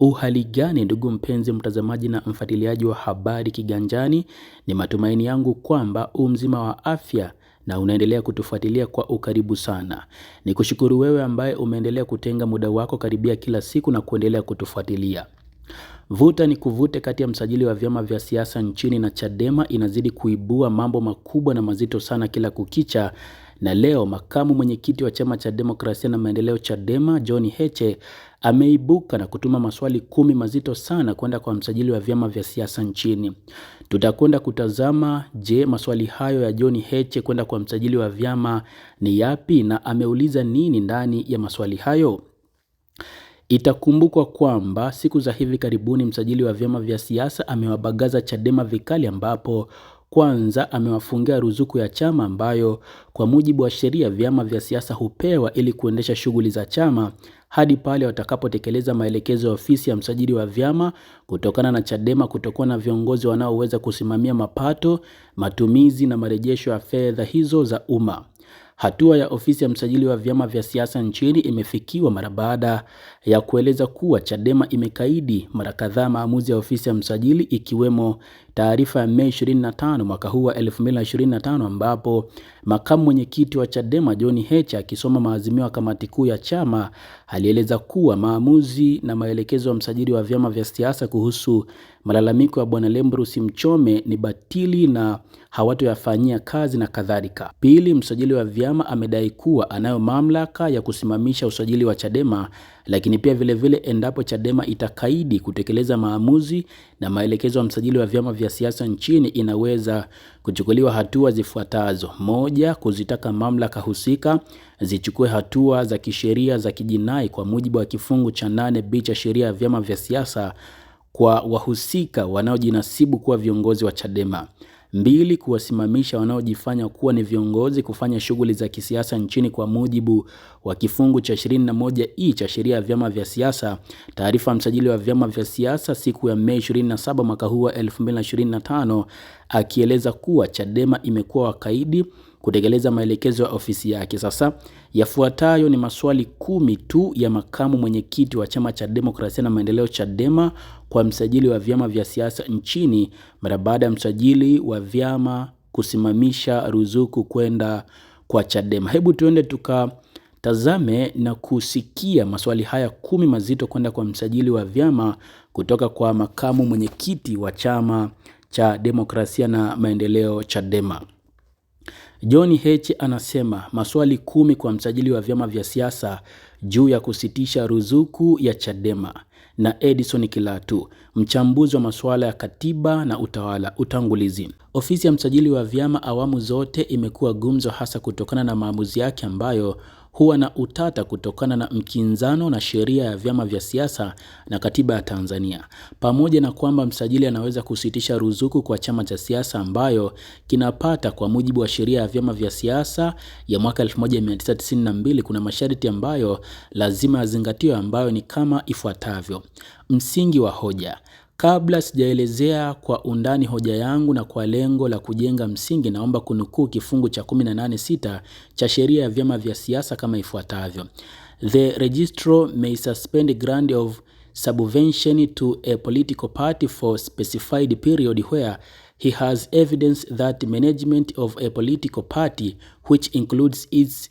Uhali gani ndugu mpenzi mtazamaji na mfuatiliaji wa habari Kiganjani, ni matumaini yangu kwamba u mzima wa afya na unaendelea kutufuatilia kwa ukaribu sana. Ni kushukuru wewe ambaye umeendelea kutenga muda wako karibia kila siku na kuendelea kutufuatilia. Vuta ni kuvute kati ya msajili wa vyama vya siasa nchini na Chadema inazidi kuibua mambo makubwa na mazito sana kila kukicha na leo makamu mwenyekiti wa chama cha demokrasia na maendeleo Chadema John Heche ameibuka na kutuma maswali kumi mazito sana kwenda kwa msajili wa vyama vya siasa nchini. Tutakwenda kutazama, je, maswali hayo ya John Heche kwenda kwa msajili wa vyama ni yapi na ameuliza nini ndani ya maswali hayo? Itakumbukwa kwamba siku za hivi karibuni msajili wa vyama vya siasa amewabagaza Chadema vikali ambapo kwanza amewafungia ruzuku ya chama ambayo kwa mujibu wa sheria vyama vya siasa hupewa ili kuendesha shughuli za chama hadi pale watakapotekeleza maelekezo ya ofisi ya msajili wa vyama kutokana na Chadema kutokuwa na viongozi wanaoweza kusimamia mapato, matumizi na marejesho ya fedha hizo za umma. Hatua ya ofisi ya msajili wa vyama vya siasa nchini imefikiwa mara baada ya kueleza kuwa Chadema imekaidi mara kadhaa maamuzi ya ofisi ya msajili ikiwemo taarifa ya Mei 25 mwaka huu wa 2025 ambapo makamu mwenyekiti wa Chadema John Heche akisoma maazimio ya kamati kuu ya chama alieleza kuwa maamuzi na maelekezo ya msajili wa vyama vya siasa kuhusu malalamiko ya bwana Lembrus Mchome ni batili na hawatoyafanyia kazi na kadhalika. Pili, msajili wa vyama amedai kuwa anayo mamlaka ya kusimamisha usajili wa Chadema lakini pia vilevile vile endapo Chadema itakaidi kutekeleza maamuzi na maelekezo ya msajili wa vyama vya siasa nchini, inaweza kuchukuliwa hatua zifuatazo: moja, kuzitaka mamlaka husika zichukue hatua za kisheria za kijinai kwa mujibu wa kifungu cha nane b cha sheria ya vyama vya siasa kwa wahusika wanaojinasibu kuwa viongozi wa Chadema. Mbili, kuwasimamisha wanaojifanya kuwa ni viongozi kufanya shughuli za kisiasa nchini kwa mujibu wa kifungu cha 21 i e cha sheria ya vyama vya siasa. Taarifa ya msajili wa vyama vya siasa siku ya Mei 27 mwaka huu wa 2025, akieleza kuwa Chadema imekuwa wakaidi kutekeleza maelekezo ya ofisi yake. Sasa yafuatayo ni maswali kumi tu ya makamu mwenyekiti wa chama cha demokrasia na maendeleo Chadema kwa msajili wa vyama vya siasa nchini mara baada ya msajili wa vyama kusimamisha ruzuku kwenda kwa Chadema. Hebu tuende tukatazame na kusikia maswali haya kumi mazito kwenda kwa msajili wa vyama kutoka kwa makamu mwenyekiti wa chama cha demokrasia na maendeleo Chadema. John Heche anasema maswali kumi kwa msajili wa vyama vya siasa juu ya kusitisha ruzuku ya Chadema na Edison Kilatu, mchambuzi wa masuala ya katiba na utawala. Utangulizi. Ofisi ya msajili wa vyama awamu zote imekuwa gumzo hasa kutokana na maamuzi yake ambayo huwa na utata kutokana na mkinzano na sheria ya vyama vya siasa na katiba ya Tanzania, pamoja na kwamba msajili anaweza kusitisha ruzuku kwa chama cha siasa ambayo kinapata kwa mujibu wa sheria ya vyama vya siasa ya mwaka 1992. Kuna masharti ambayo lazima yazingatiwe ambayo ni kama ifuatavyo: msingi wa hoja Kabla sijaelezea kwa undani hoja yangu na kwa lengo la kujenga msingi, naomba kunukuu kifungu cha 186 cha sheria ya vyama vya siasa kama ifuatavyo: The registrar may suspend grant of subvention to a political party for specified period where he has evidence that management of a political party which includes its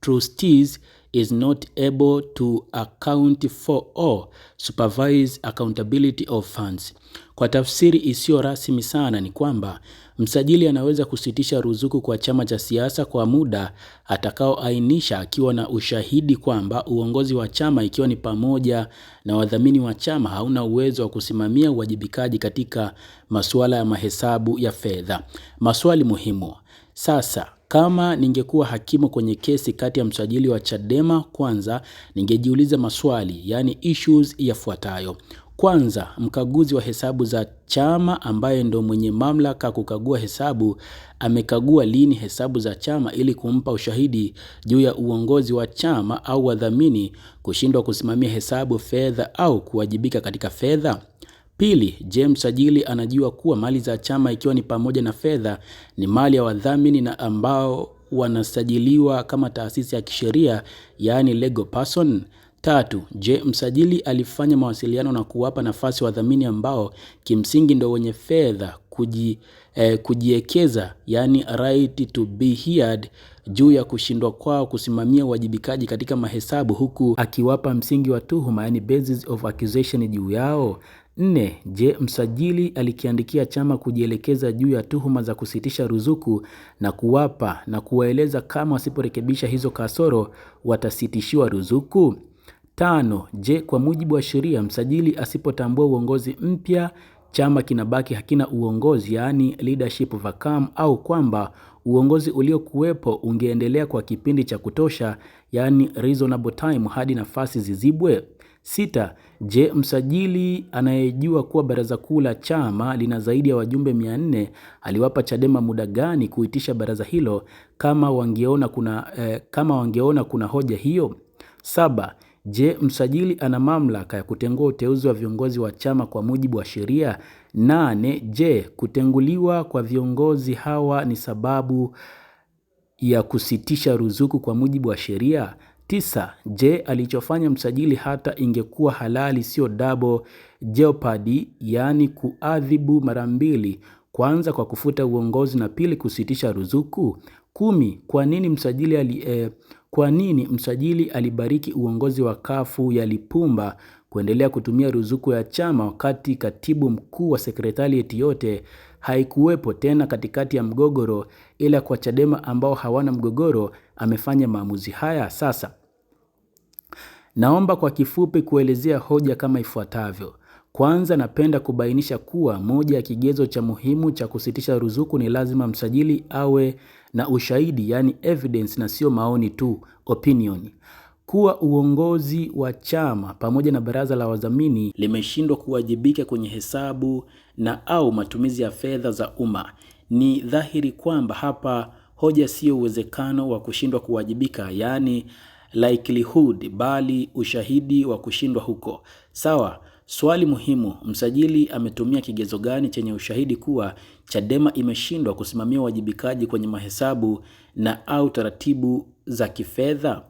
trustees is not able to account for or supervise accountability of funds. Kwa tafsiri isiyo rasmi sana ni kwamba msajili anaweza kusitisha ruzuku kwa chama cha siasa kwa muda atakaoainisha akiwa na ushahidi kwamba uongozi wa chama ikiwa ni pamoja na wadhamini wa chama hauna uwezo wa kusimamia uwajibikaji katika masuala ya mahesabu ya fedha. Maswali muhimu. Sasa kama ningekuwa hakimu kwenye kesi kati ya msajili wa Chadema kwanza, ningejiuliza maswali yaani issues yafuatayo. Kwanza, mkaguzi wa hesabu za chama ambaye ndo mwenye mamlaka kukagua hesabu amekagua lini hesabu za chama ili kumpa ushahidi juu ya uongozi wa chama au wadhamini kushindwa kusimamia hesabu fedha au kuwajibika katika fedha? Pili, James msajili anajua kuwa mali za chama ikiwa ni pamoja na fedha ni mali ya wadhamini na ambao wanasajiliwa kama taasisi ya kisheria yaani legal person? Tatu, je, msajili alifanya mawasiliano na kuwapa nafasi wadhamini ambao kimsingi ndio wenye fedha kuji, eh, kujiekeza yaani right to be heard juu ya kushindwa kwao kusimamia uwajibikaji katika mahesabu huku akiwapa msingi wa tuhuma yaani basis of accusation juu yao. Nne, je, msajili alikiandikia chama kujielekeza juu ya tuhuma za kusitisha ruzuku na kuwapa na kuwaeleza kama wasiporekebisha hizo kasoro watasitishiwa ruzuku? Tano, je, kwa mujibu wa sheria msajili asipotambua uongozi mpya chama kinabaki hakina uongozi yaani leadership vacuum, au kwamba uongozi uliokuwepo ungeendelea kwa kipindi cha kutosha yaani reasonable time hadi nafasi zizibwe? Sita, je, msajili anayejua kuwa baraza kuu la chama lina zaidi ya wajumbe 400 aliwapa Chadema muda gani kuitisha baraza hilo kama wangeona kuna, eh, kama wangeona kuna hoja hiyo? Saba, je, msajili ana mamlaka ya kutengua uteuzi wa viongozi wa chama kwa mujibu wa sheria? Nane, je, kutenguliwa kwa viongozi hawa ni sababu ya kusitisha ruzuku kwa mujibu wa sheria? Tisa, je, alichofanya msajili hata ingekuwa halali sio double jeopardy, yaani kuadhibu mara mbili, kwanza kwa kufuta uongozi na pili kusitisha ruzuku? Kumi, kwa nini msajili ali, eh, kwa nini msajili alibariki uongozi wa kafu ya Lipumba kuendelea kutumia ruzuku ya chama wakati katibu mkuu wa sekretarieti yote haikuwepo tena katikati ya mgogoro ila kwa Chadema ambao hawana mgogoro amefanya maamuzi haya. Sasa naomba kwa kifupi kuelezea hoja kama ifuatavyo. Kwanza, napenda kubainisha kuwa moja ya kigezo cha muhimu cha kusitisha ruzuku ni lazima msajili awe na ushahidi, yani evidence, na sio maoni tu opinion kuwa uongozi wa chama pamoja na baraza la wadhamini limeshindwa kuwajibika kwenye hesabu na au matumizi ya fedha za umma ni dhahiri kwamba hapa hoja sio uwezekano wa kushindwa kuwajibika, yaani likelihood, bali ushahidi wa kushindwa huko. Sawa, swali muhimu, msajili ametumia kigezo gani chenye ushahidi kuwa Chadema imeshindwa kusimamia uwajibikaji kwenye mahesabu na au taratibu za kifedha?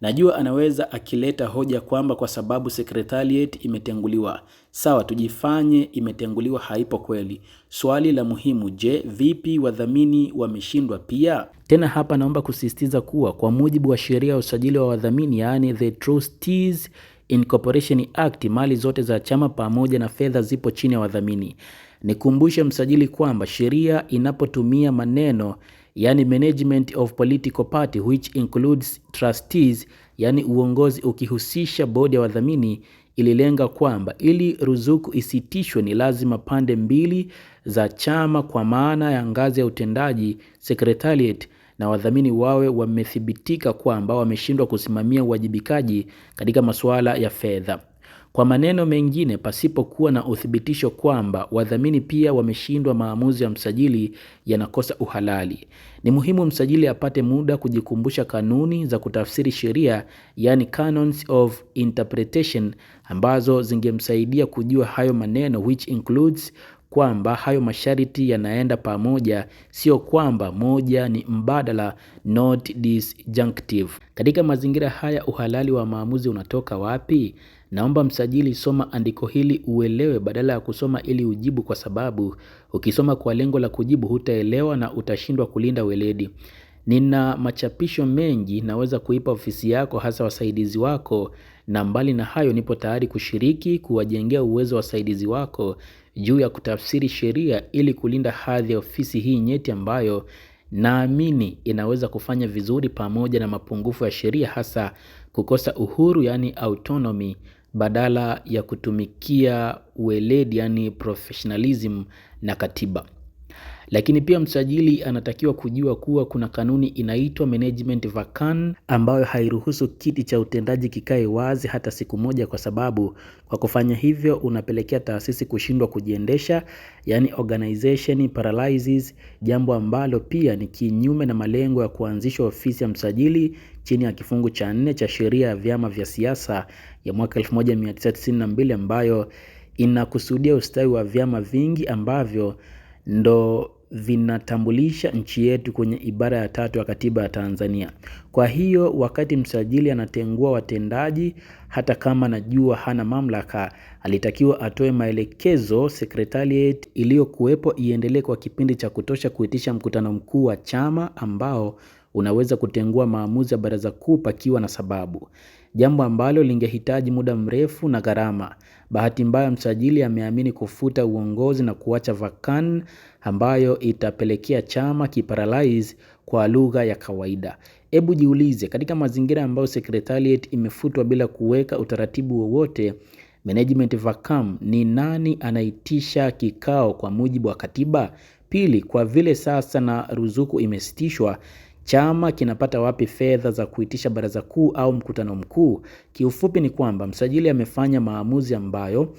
Najua anaweza akileta hoja kwamba kwa sababu secretariat imetenguliwa. Sawa, tujifanye imetenguliwa, haipo kweli. Swali la muhimu, je, vipi wadhamini wameshindwa pia? Tena hapa naomba kusisitiza kuwa kwa mujibu wa sheria ya usajili wa wadhamini, yaani the Trustees Incorporation Act, mali zote za chama pamoja na fedha zipo chini ya wadhamini. Nikumbushe msajili kwamba sheria inapotumia maneno yani management of political party which includes trustees, yani uongozi ukihusisha bodi ya wadhamini, ililenga kwamba ili ruzuku isitishwe ni lazima pande mbili za chama, kwa maana ya ngazi ya utendaji secretariat na wadhamini wawe wamethibitika kwamba wameshindwa kusimamia uwajibikaji katika masuala ya fedha. Kwa maneno mengine, pasipokuwa na uthibitisho kwamba wadhamini pia wameshindwa, maamuzi ya msajili yanakosa uhalali. Ni muhimu msajili apate muda kujikumbusha kanuni za kutafsiri sheria, yani canons of interpretation, ambazo zingemsaidia kujua hayo maneno which includes kwamba hayo masharti yanaenda pamoja, sio kwamba moja ni mbadala, not disjunctive. Katika mazingira haya, uhalali wa maamuzi unatoka wapi? Naomba msajili, soma andiko hili uelewe, badala ya kusoma ili ujibu, kwa sababu ukisoma kwa lengo la kujibu hutaelewa na utashindwa kulinda weledi. Nina machapisho mengi naweza kuipa ofisi yako, hasa wasaidizi wako, na mbali na hayo, nipo tayari kushiriki kuwajengea uwezo wa wasaidizi wako juu ya kutafsiri sheria ili kulinda hadhi ya ofisi hii nyeti ambayo naamini inaweza kufanya vizuri pamoja na mapungufu ya sheria hasa kukosa uhuru yani autonomy badala ya kutumikia weledi yani professionalism na katiba. Lakini pia msajili anatakiwa kujua kuwa kuna kanuni inaitwa management vacan ambayo hairuhusu kiti cha utendaji kikae wazi hata siku moja, kwa sababu kwa kufanya hivyo unapelekea taasisi kushindwa kujiendesha, yani organization paralyzes, jambo ambalo pia ni kinyume na malengo ya kuanzishwa ofisi ya msajili chini ya kifungu cha nne cha sheria ya vyama vya siasa ya mwaka 1992 ambayo inakusudia ustawi wa vyama vingi ambavyo ndo vinatambulisha nchi yetu kwenye ibara ya tatu ya katiba ya Tanzania. Kwa hiyo wakati msajili anatengua watendaji, hata kama anajua hana mamlaka, alitakiwa atoe maelekezo sekretariat iliyokuwepo iendelee kwa kipindi cha kutosha kuitisha mkutano mkuu wa chama ambao unaweza kutengua maamuzi ya baraza kuu pakiwa na sababu jambo ambalo lingehitaji muda mrefu na gharama. Bahati mbaya, msajili ameamini kufuta uongozi na kuacha vakan ambayo itapelekea chama kiparalyze kwa lugha ya kawaida. Hebu jiulize, katika mazingira ambayo secretariat imefutwa bila kuweka utaratibu wowote, management vacam, ni nani anaitisha kikao kwa mujibu wa katiba? Pili, kwa vile sasa na ruzuku imesitishwa, Chama kinapata wapi fedha za kuitisha baraza kuu au mkutano mkuu? Kiufupi ni kwamba msajili amefanya maamuzi ambayo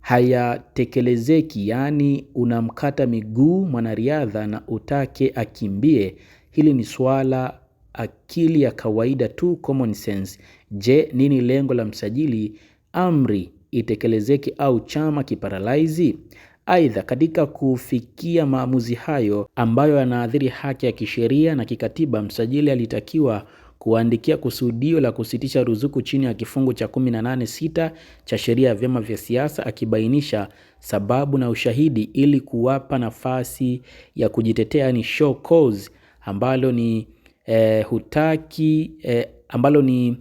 hayatekelezeki, yaani unamkata miguu mwanariadha na utake akimbie. Hili ni swala akili ya kawaida tu, common sense. Je, nini lengo la msajili? Amri itekelezeke au chama kiparalaizi? Aidha, katika kufikia maamuzi hayo ambayo yanaathiri haki ya kisheria na kikatiba, msajili alitakiwa kuandikia kusudio la kusitisha ruzuku chini ya kifungu cha 186 cha sheria ya vyama vya siasa, akibainisha sababu na ushahidi ili kuwapa nafasi ya kujitetea, yani show cause, ambalo ni eh, hutaki eh, ambalo ni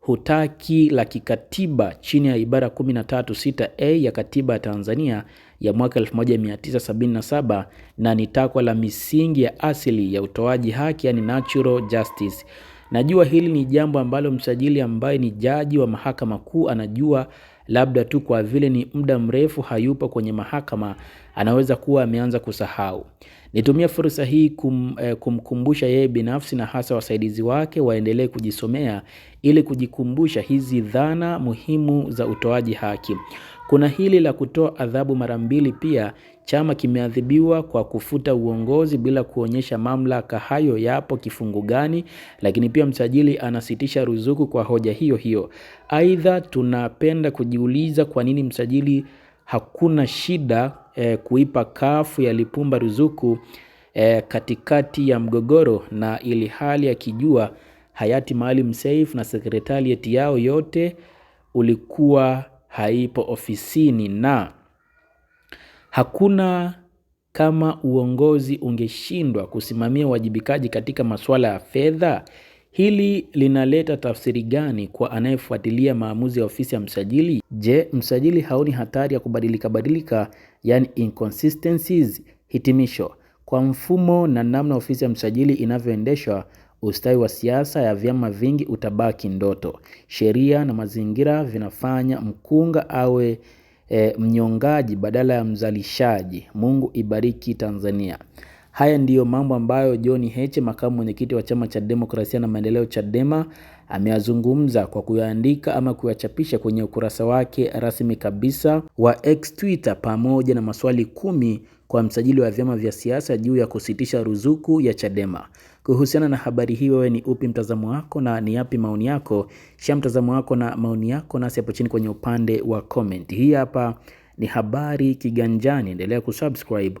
hutaki la kikatiba chini ya ibara 136a ya Katiba ya Tanzania ya mwaka 1977 na ni takwa la misingi ya asili ya utoaji haki, yani natural justice. Najua hili ni jambo ambalo msajili ambaye ni jaji wa mahakama kuu anajua, labda tu kwa vile ni muda mrefu hayupo kwenye mahakama anaweza kuwa ameanza kusahau. Nitumie fursa hii kum, eh, kumkumbusha yeye binafsi na hasa wasaidizi wake waendelee kujisomea ili kujikumbusha hizi dhana muhimu za utoaji haki. Kuna hili la kutoa adhabu mara mbili pia. Chama kimeadhibiwa kwa kufuta uongozi bila kuonyesha mamlaka hayo yapo kifungu gani, lakini pia msajili anasitisha ruzuku kwa hoja hiyo hiyo. Aidha, tunapenda kujiuliza kwa nini msajili hakuna shida e, kuipa kafu ya Lipumba ruzuku e, katikati ya mgogoro na ili hali akijua hayati Maalim Seif na sekretarieti yao yote ulikuwa haipo ofisini na hakuna kama uongozi ungeshindwa kusimamia uwajibikaji katika masuala ya fedha Hili linaleta tafsiri gani kwa anayefuatilia maamuzi ya ofisi ya msajili? Je, msajili haoni hatari ya kubadilika badilika, yani inconsistencies? Hitimisho: kwa mfumo na namna ofisi ya msajili inavyoendeshwa, ustawi wa siasa ya vyama vingi utabaki ndoto. Sheria na mazingira vinafanya mkunga awe e, mnyongaji badala ya mzalishaji. Mungu ibariki Tanzania. Haya ndiyo mambo ambayo John Heche, makamu mwenyekiti wa chama cha demokrasia na maendeleo Chadema, ameyazungumza kwa kuyaandika ama kuyachapisha kwenye ukurasa wake rasmi kabisa wa X Twitter, pamoja na maswali kumi kwa msajili wa vyama vya siasa juu ya kusitisha ruzuku ya Chadema. Kuhusiana na habari hii, wewe ni upi mtazamo wako na ni yapi maoni yako? Shia mtazamo wako na maoni yako nasi hapo chini kwenye upande wa comment. Hii hapa ni habari Kiganjani, endelea kusubscribe